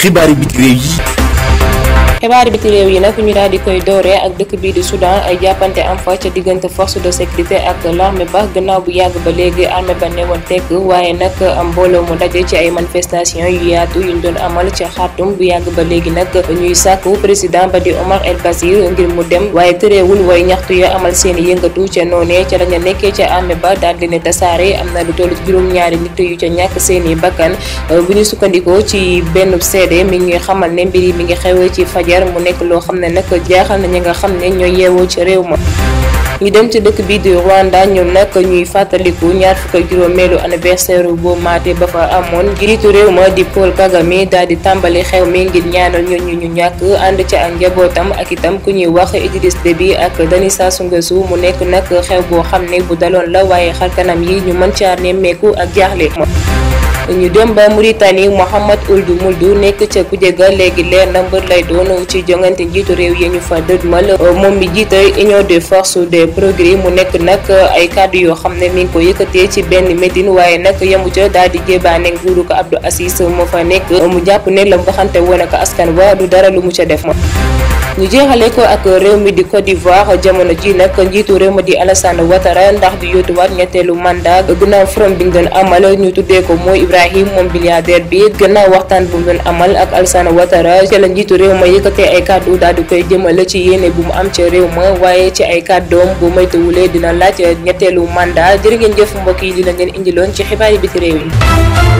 xibaari biti réew yi xibaar bi réew yi nag ñu daal di koy dooree ak dëkk bii di Soudan ay jàppante am fa ca diggante force de sécurité ak l'armée ba gannaaw bu yàgg ba léegi armée ba newoon tekk waaye nag am mbooloo mu daje ci ay manifestation yu yaatu yuñ doon amal ca Khartoum bu yàgg ba léegi nag ñuy sàkku président ba di Omar El Bashir ngir mu dem waaye tëréewul way ñaxtu yo amal seen yëngatu ca noonee ca lañu nekkee ca armée ba daal di ne tasaare am na lu toll juróom-ñaari nit yu ca ñàkk seeni bakkan bu sukkandikoo ci benn seede mi frontière mu nekk loo xam ne nag jaaxal na ñi nga xam ne ñooy yeewoo ci réew ma ñu dem ci dëkk bii di Rwanda ñoom nag ñuy fàttaliku ñaar fukk ak juróomeelu anniversaire boo maate ba fa amoon jiitu réew ma di Paul Kagame daal di tàmbali xew mi ngir ñaanal ñu ñu ñu ñàkk ànd ci ak njabootam ak itam ku ñuy wax Idriss bi ak Denis Sassou Nguesso mu nekk nag xew boo xam ne bu daloon la waaye xarkanam yi ñu mën caa nemmeeku ak jaaxle ñu dem ba Mauritanie du Ould du nekk ca kuje ga léegi leer na mbër lay doon ci jongante njiitu réew yi ñu fa dëdmal moom mi jiite union des forces des progrès mu nekk nag ay kàddu yoo xam ne mi ngi ko yëkkatee ci benn meeting waaye nag yamu ca daal di jébaane nguuru ko Abdou Assis moo fa nekk mu jàpp ne la mu waxante woon ak askan wa du dara lu mu ca def ñu jeexale ko ak réew mi di Côte d'Ivoire jamono ji nag njiitu réew ma di Alassane Ouattara ndax bi yóotuwaat ñetteelu mandat gannaaw forum bi ñu doon amal ñu tuddee ko mooy Ibrahim moom milliardaire bi gannaaw waxtaan bu mu amal ak Alassane Ouattara ci la njiitu réew ma yëkkatee ay kàddu daal di koy jëmale ci yéene bu mu am ca réew ma waaye ci ay kàddoom bu moytuwulee dina laaj ñetteelu mandat jërë ngeen jëf mbokk yi di la ngeen indiloon ci xibaar yi biti réew yi